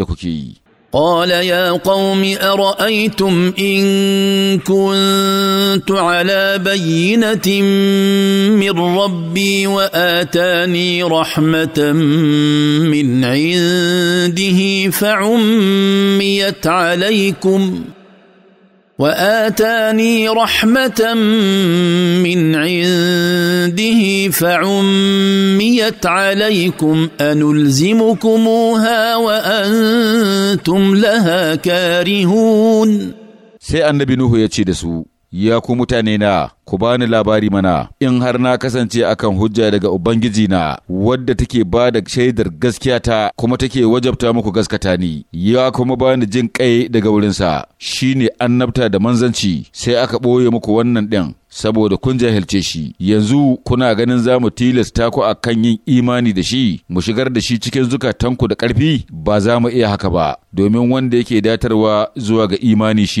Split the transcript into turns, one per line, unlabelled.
دكوكي
قال يا قوم ارايتم ان كنت على بينه من ربي واتاني رحمه من عنده فعميت عليكم واتاني رحمه من عنده فعميت حرمت عليكم أنلزمكموها وأنتم لها كارهون sai annabi Nuhu ya ce da
su Ya ku na ku bani labari mana, in har na kasance akan hujja daga Ubangiji na. wadda take ba da shaidar gaskiya ta kuma take wajabta muku gaskata ni, ya kuma bani jin kai daga wurinsa, shi ne annabta da manzanci, sai aka ɓoye muku wannan ɗin. Saboda kun jahilce shi, yanzu kuna ganin za mu tilasta ku akan yin imani da shi, mu shigar da shi cikin zukatanku da ƙarfi, ba za mu iya haka ba, domin wanda yake datarwa zuwa ga imani shi.